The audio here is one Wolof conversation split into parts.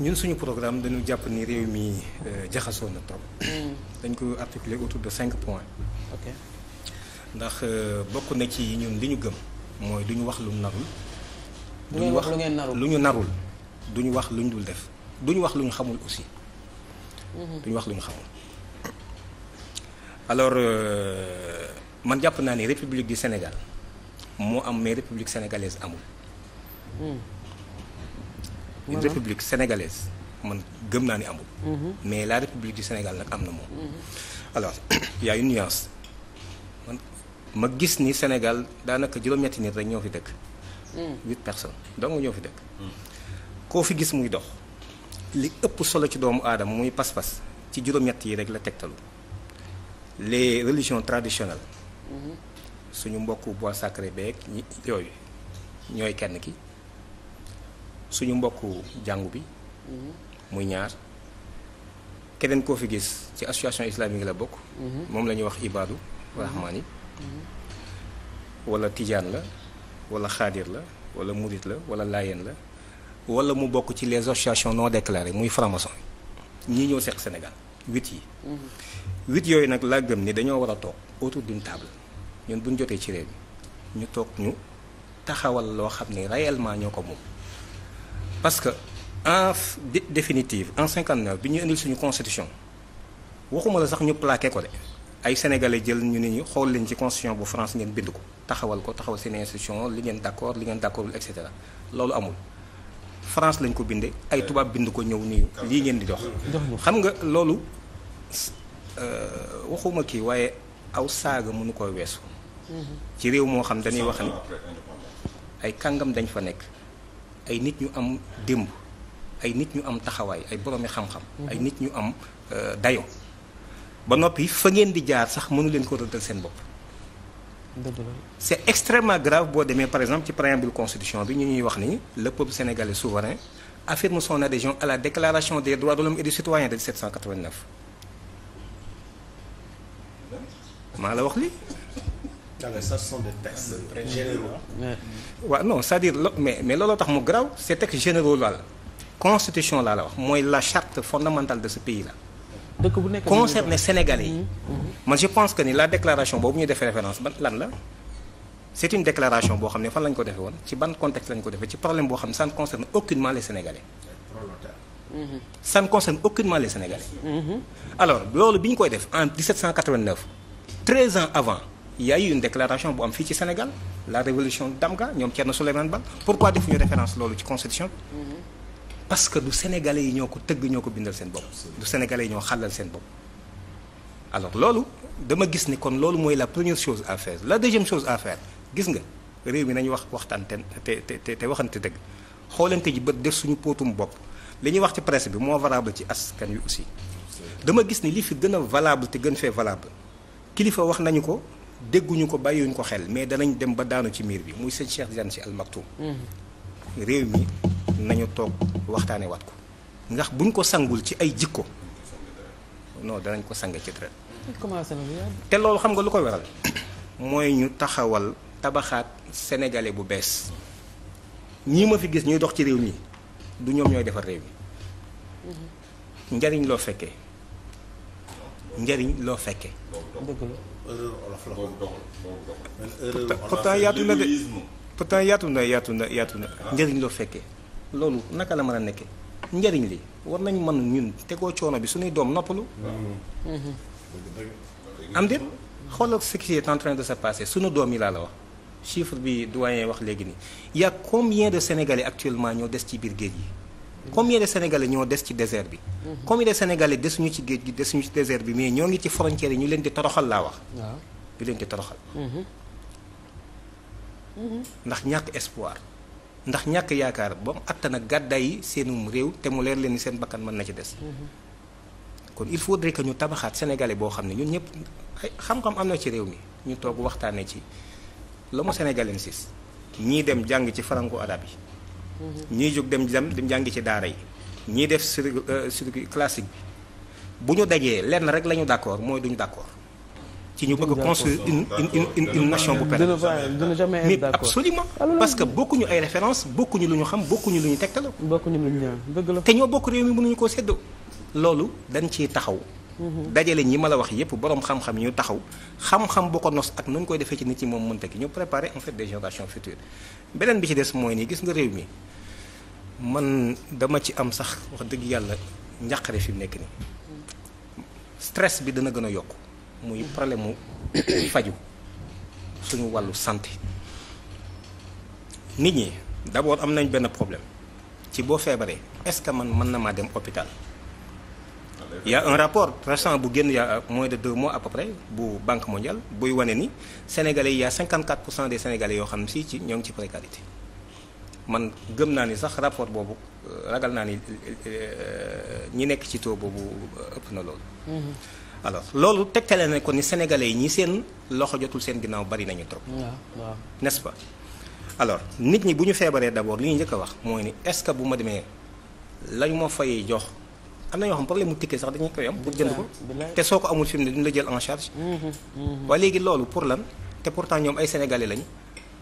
ñun suñu programme dañu jàpp ni réew mi euh, jaxasoo na trop. Mm. dañ ko articuler autour de cinq points. ok ndax euh, bokk na ci ñun li ñu gëm mooy du ñu wax lu narul. du wax lu ngeen narul lu ñu narul du ñu wax lu ñu dul def du ñu wax lu ñu xamul aussi. Mm-hmm. du ñu wax lu ñu xamul. alors euh, man jàpp naa ni république du Sénégal moo am mais république sénégalaise amul. Mm. une république sénégalaise man gëm naa ni amul. Mhm. mais la république du Sénégal nag am na moom. Mhm. alors y a man ma gis ni Sénégal daanaka juróom-ñetti nit rek ñoo fi dëkk. Mhm. huit personnes donc ñoo fi dëkk. koo fi gis muy dox li ëpp solo ci doomu aadama muy pas-pas ci juróom-ñett yi rek la tegtalu les religions traditionnelles. suñu mbokku bois sacré beeg ñi ñooy kenn ki. suñu mbokku jàngu bi mhm. muy ñaar keneen koo fi gis ci association islamique la bokk mhm. moom la ñuy wax ibaadu mhm. rahmaani wala tijaan la wala xaadir la wala murit la wala laayeen la wala mu bokk ci les associations non déclarées muy franc-maçon ñii ñoo seq Sénégal huit yi huit yooyu nag laa gëm ni dañoo war a toog autour d'une table ñun buñ jotee ci réew mi ñu toog ñu taxawal loo xam ne réellement ñoo ko moom parce que en définitive en 59 bi ñu indil suñu constitution waxuma la sax ñu plaqué ko de ay sénégalais jël ñu ne ñu xool leen ci constitution bu France ngeen bind ko taxawal ko taxawal seen institution li ngeen d' li ngeen d' accordul et loolu amul France lañ ko bindee ay tubaab bind ko ñëw nii lii ngeen di dox. xam nga loolu euh, waxuma kii waaye aw saaga mënu ko weesu. Mm-hmm. ci réew moo xam dañuy wax ni ay kàngam dañ fa nekk. ay nit ñu am démb ay nit ñu am taxawaay ay boroomi xam-xam mhm. ay nit ñu am euh, dayo ba noppi fa ngeen di jaar sax mënu leen ko rëddal seen bopp c'est extrêmement grave boo demee par exemple ci préambule constitution bi ñu ñuy wax ni le peuple sénégalais souverain affirme son adhésion à la déclaration des droits de l'homme et du citoyen de maa la wax li Ah ça ce sont des textes ah, généraux waaw non c'est-à-dire lo mais mais looloo tax mu graw ces textes généraux laal constitution laa la wax mooy la charte fondamentale de ce pays là dëkk bu nekk concerne sénégalais yi mm-hmm. mm-hmm. man je pense que ni la déclaration boobu ñu defee référence ban lan la c'est une déclaration boo xam ne fan lañ ko defee woon ci ban contexte lañ ko defee ci problème boo xam ne ça ne concerne aucunement les sénégalais mm-hmm. ça ne concerne aucunement les sénégalais loolu bi ñu koy def en 1789 13 ans avant il y a eu une déclaration bu am fii ci Sénégal la révolution d'Amga ñoom Thierno Souleymane Ba pourquoi ñu référence loolu ci constitution bi mm-hmm. parce que du sénégalais yi ñoo ko tëgg ñoo ko bindal seen bopp du sénégalais yi ñoo xàllal seen bopp alors loolu dama gis ni kon loolu mooy la première chose à faire la deuxième chose à faire gis nga réew mi nañu wax waxtaan te te te te waxante dëgg xoolante ji bët def suñu póotum bopp li ñuy wax ci presse bi moo valable ci askan wi aussi dama gis ni li fi gën a valable te gën fee valable kilifa wax nañu ko dégguñu ko bàyyiwuñu ko xel mais danañ dem ba daanu ci miir bi muy sëñ Cheikh Tidiane Sy Al mm-hmm. réew mi nañu toog waxtaane wat ko ndax buñ ko sangul ci ay jikko non danañ ko sang ci dara te loolu xam nga lu ko weral mooy ñu taxawal tabaxaat sénégalais bu bees ñi ma fi gis ñuy dox ci réew mi du ñoom ñooy defar réew mi mm-hmm. njariñ loo fekkee njëriñ loo fekkee. erreur olof la boobu doxul yaatu na de pourtant yaatu na yaatu na yaatu na njëriñ loo fekkee loolu naka la mën a nekke njariñ li war nañ mën ñun tegoo coono bi suñuy doom noppalu. am déet xoolal ce qui est en train de suñu doom yi laa la wax chiffre bi doyen wax léegi nii y a combien de sénégalais actuellement ñoo des ci biir géej yi. combien de sénégalais ñoo des ci désert bi. Mhm. combien de sénégalais desuñu ci géej gi desuñu ci désert bi mais ñoo ngi ci frontière yi ñu leen di toroxal laa wax. ñu leen di toroxal. Mhm. Mhm. ndax ñàkk espoir. ndax ñàkk yaakaar ba mu àttan ak gàddaay yi réew te mu leen leen seen bakkan mën na ci des. kon il faudrait que ñu tabaxaat sénégalais boo xam ne ñun ñëpp xam-xam am na ci réew mi ñu toog waxtaanee ci la mu sénégalais sis ñii dem jàng ci franco arabe yi. ñiy jóg dem dem dem jàngi ci daara yi ñiy def euh, circuit classique bi bu ñu dajee lenn rek la ñu d'accord mooy duñu d'accord ci ñu bëgg construire une une une une nation bu pérenne. mais absolument ah, parce que bokkuñu ay référence bokkuñu lu ñu xam bokkuñu lu ñu tegtaloo. bokkuñu lu ñu ñaan dëgg la. te ñoo bokk réew mi mënuñu koo séddoo. loolu dañ ciy taxaw. Mm-hmm. dajale ñi ma la wax yépp boroom xam-xam ñu taxaw xam-xam bu ko nos ak nu ñu koy defee ci nit ñi moom mënta ki ñu préparer en fait des générations futures beneen bi ci des mooy gis nga réew mi. man dama ci am sax wax dëgg yàlla njàqare fi mu nekk nii stress bi dana gën a yokk muy problème mu faju suñu wàllu santé nit ñi d'abord am nañ benn problème ci boo feebaree est-ce que man mën na maa dem hôpital y a un rapport récent bu génn y a moins de deux mois à peu près bu banque mondiale buy wane ni sénégalais yi y a 54 pour cent des sénégalais yoo xam si ci ñoo ngi ci précarité man gëm naa ni sax rapport boobu euh, ragal naa ni euh, ñi nekk ci taux boobu ëpp na loolu. Mm-hmm. alors loolu tegtale na ko ni sénégalais yi ñi seen loxo jotul seen ginnaaw bari nañu trop. waaw waaw n'est-ce pas. alors nit ñi bu ñu feebaree d'abord li ñu njëkk wax mooy ni est que bu ma demee lañ ma fay jox. am na ñoo xam problème mu ticket sax dañuy koy am pour jënd ko te soo ko amul fi mu ne duñu la jël en charge mm-hmm, mm-hmm. waaye léegi loolu pour lan te pourtant ñoom ay sénégalais lañu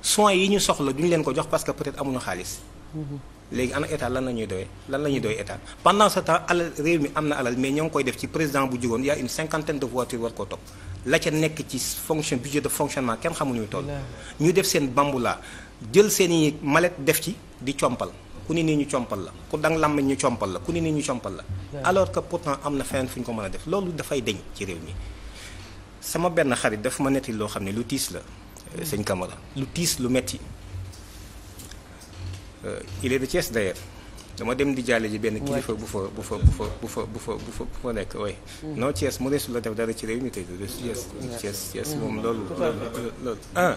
soins yi ñu soxla duñu leen ko jox parce que peut-être amuñu xaalis. Mhm. léegi ana état lan la ñuy doyee lan la ñuy doyee état pendant ce temps alal réew mi am na alal mais ñoo ngi koy def ci président bu jugoon y a une cinquantaine de voitures war koo topp la ca nekk ci fonction budget de fonctionnement kenn xamuñu toll. ñu def seen bambula jël seen i mallette def ci di compal ku ni nii ñu compal la ku dang lammañ ñu compal la ku ni nii ñu compal la. alors que pourtant am na feneen fu ñu ko mën a def loolu dafay deñ ci réew mi sama benn xarit daf ma netti loo xam ne lu tiis la. Euh, sëñ Camara lu tiis lu metti euh, il est de Thiès d'ailleurs dama dem di jaale ji benn kilifa bu fa bu fa bu fa bu fa bu fa bu fa bu fa nekk way mm. non Thiès mu desul def dara ci réew mi tey de Thiès Thiès Thiès mm. moom loolu loolu mm. ah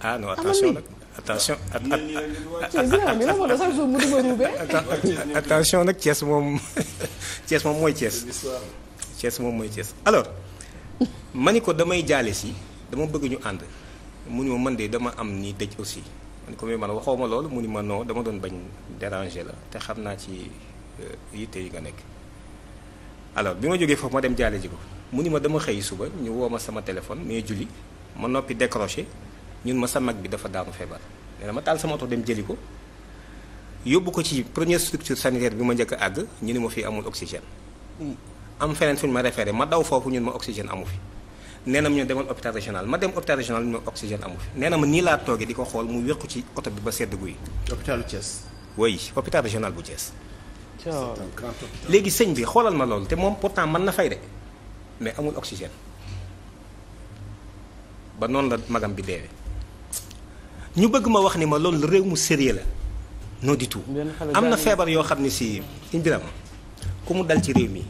ah non ah, attention nag attention attention nag Thiès moom Thiès moom mooy Thiès Thiès moom ko damay jaale si dama bëgg ñu ànd mu ni ma man de dama am ni dëj aussi man ko may man waxoo ma loolu mu ni ma noo dama doon bañ déranger la te xam naa ci euh, yitte yi nga nekk alors bi ma jógee foofu ma dem jaale ji ko mu ni ma dama xëy suba ñu woo ma sama téléphone mais julli ma noppi décroché ñun ma sa mag bi dafa daanu feebar nee na ma taal sama oto dem jëli ko yóbbu ko ci première structure sanitaire bi ma njëkk àgg ñu ni ma fii amul oxygène am feneen fu ñu ma référé ma daw foofu ñun ma oxygène amu fi nee na ma ñu demoon hôpital régional ma dem hôpital régional ñu oxygène amu fi nee na ma laa toogee di ko xool mu wéqu ci oto bi ba sedd guy. hôpitalu Thiès. oui hôpital régional bu Thiès. léegi sëñ bi xoolal ma loolu te moom pourtant mën na fay mais amul oxygène ba noonu la magam bi deewee ñu bëgg ma wax ni ma loolu réew mu sérieux la non du tout am na feebar yoo xam ne si Ibrahima ku mu dal ci réew mi.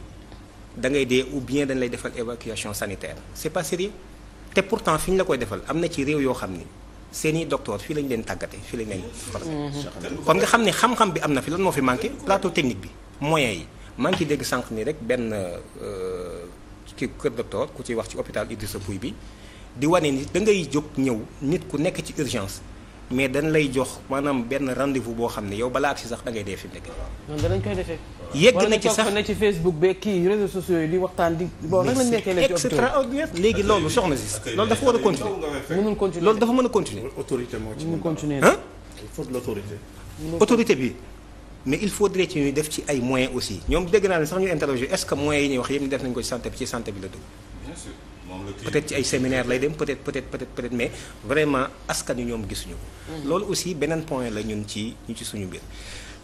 da ngay dee ou bien dañ lay defal évacuation sanitaire c'est pas sérieux te pourtant fi ñu la koy defal am na ci réew yoo xam ni seeni docteur fii lañ leen tàggate fii lañ leen formé mm-hmm. kon nga xam ne xam-xam bi am na fi lan moo fi manqué plateau technique bi moyens yi maa ngi ciy dégg sànq nii rek benn ci euh, kër docteur ku ci wax ci hôpital sa Pouye bi di wane ni da ngay jóg ñëw nit ku nekk ci urgence mais dañ lay jox maanaam benn rendez boo xam ne yow balaa ak sax da ngay dee fi mu nekk. noonu danañ koy defee. yegg na ci sax na ci Facebook beeg kii réseaux sociaux yi di waxtaan di. bon nag lañ léegi loolu soxna si loolu dafa war a continuer. mënul continuer loolu dafa mën a continuer. autorité de bi. mais il faudrait ci ñuy def ci ay moyens aussi ñoom dégg naa ne sax ñu interroger est-ce que moyens yi ñuy wax yëpp def nañ ko ci bi ci santé bi la dugg. peut-être ci ay séminaire lay dem peut-être peut-être peut-être peut-être mais vraiment askan wi ñoom gisuñu mhm. loolu aussi beneen point la ci ñu ci suñu mbir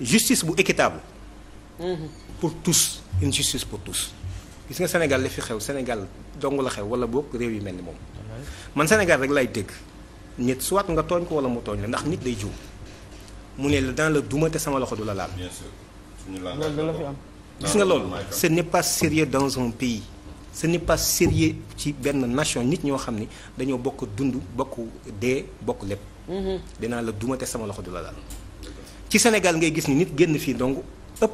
justice bu équitable. Mhm. pour tous une justice pour tous. gis nga Sénégal li fi xew Sénégal dong la xew wala boog réew yi mel ni moom. Mhm. man Sénégal rek lay dégg nit soit nga tooñ ko wala mu tooñ la ndax nit lay juum mu ne la daan la duma te sama loxo du la laal. gis nga loolu ce n'est sérieux dans un pays. ce n'est pas sérieux ci benn nation nit ñoo xam ni dañoo bokk dund bokk dee bokk lépp. Mhm. dinaa la duma te sama loxo du la laal. ci Sénégal ngay gis ni nit génn fii donc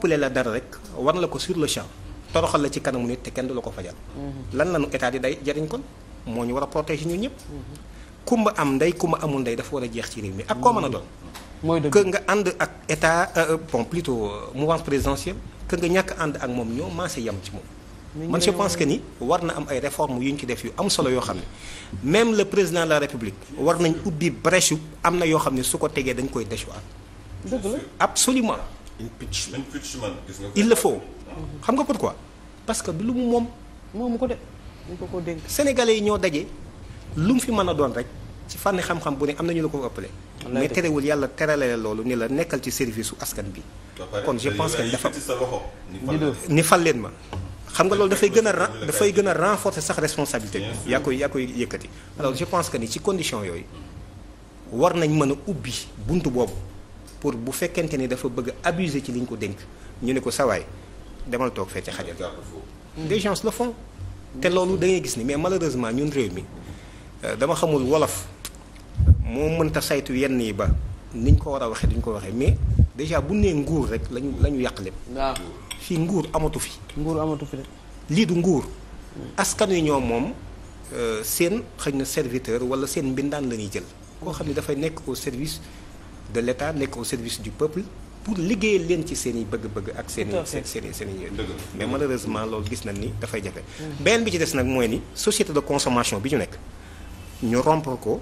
lee la dara rek war la ko sur le champ toroxal la ci kanamu nit te kenn du la ko fajal. Mhm. lan la nu état di day jariñ kon moo ñu war a protéger ñu ñëpp. Mhm. kumba am ndey kumba amul ndey dafa war a jeex ci réew mi ak koo mën a doon. mooy dëgg que nga ànd ak état euh, bon plutôt euh, mouvance présidentielle que nga ñàkk ànd ak moom ñoo maase yem ci moom. man je pense que ni war na am ay réformes yu ñu ci def yu am solo yoo xam ne même le président de la république war nañ ubbi brèche yu am na yoo xam ne su ko tegee dañ koy déchoir. dëgg la absolument. impeachment il le faut. xam nga pourquoi parce que lu mu moom. moomu ko de ko ko dénk. sénégalais yi ñoo daje lu mu fi mën a doon rek ci fànn xam-xam bu ne am na ñu la ko ëppale. mais terewul yàlla terale loolu ni la nekkal ci service u askan bi. kon je pense que dafa ni fal leen ma. xam nga loolu dafay gën a dafay gën a renforcer sax responsabilité bi yaa koy yaa koy yëkkati alors je pense que ni ci condition yooyu war nañ mën a ubbi bunt boobu pour bu fekkente ni dafa bëgg abuser ci liñ ko dénk ñu ne ko sawaay demal toog fee ci xajal des dégence le font te loolu dangay gis ni mais malheureusement ñun réew mi euh, dama xamul wolof moo mënta saytu yenn yi ba niñ ko war a waxee duñ ko waxee mais déjà bu nee nguur rek lañu la fii nguur amatu fi. nguur amatu fi de. lii du nguur. askan wi ñoom moom euh, seen xëy na serviteur wala seen mbindaan la ñuy jël. koo xam ne dafay nekk au service de l' état nekk au service du peuple pour liggéeyal leen ci seen i bëgg-bëgg ak seen i seen seen i seen mais malheureusement loolu gis nañ ni dafay jafe. Mhm. benn bi ci des nag mooy ni société de consommation bi ñu nekk ñu rompre ko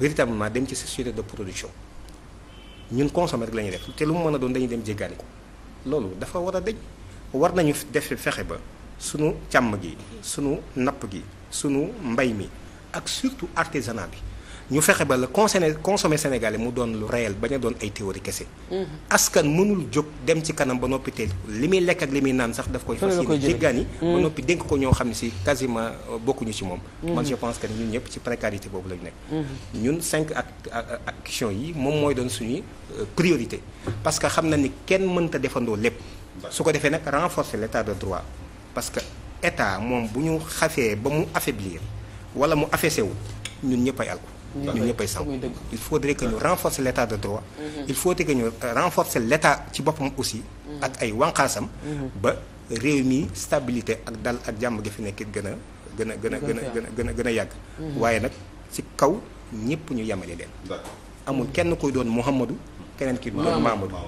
véritablement dem ci société de production ñun consommer rek la ñuy def te lu mu mën a doon dañuy dem jéggaani ko. loolu dafa war a dëj war nañu def fexe ba sunu càmm gi sunu napp gi sunu mbay mi ak surtout artisanat bi ñu fexe ba la consommé consommé sénégalais mu doon lu réel bañ a doon ay théorie kese. Mhm. askan mënul jóg dem ci kanam ba noppi te li muy lekk ak li muy naan sax daf koy. fas yéene jéggaani ba mhm. noppi dénk ko ñoo xam ne si quasiment euh, bokkuñu ci moom. Mhm. man je pense que ñun ñëpp ci précarité boobu lañu nekk. ñun cinq act action yi moom mooy doon suñuy euh, priorité parce que xam na ni kenn mënta defandoo lépp. su ko defee nag renforcer l' état de droit parce que état moom bu ñu xafee ba mu affaiblir wala mu affaissé wu ñun ñëpp ay ñun ñëppay sànq il faudrait que ñu renforcer l' état de droit mhm. il faudrait que ñu euh, renforcer l' ci boppam aussi mhm. ak ay wanqaasam mhm. ba réew mi stabilité ak dal ak jàmm gi fi nekk gën a gën a gën a gën a gën a gën a gën a yàgg waaye nag ci kaw ñëpp ñu yemale leen amul kenn koy doon Mouhamadou keneen ki doon Mamadou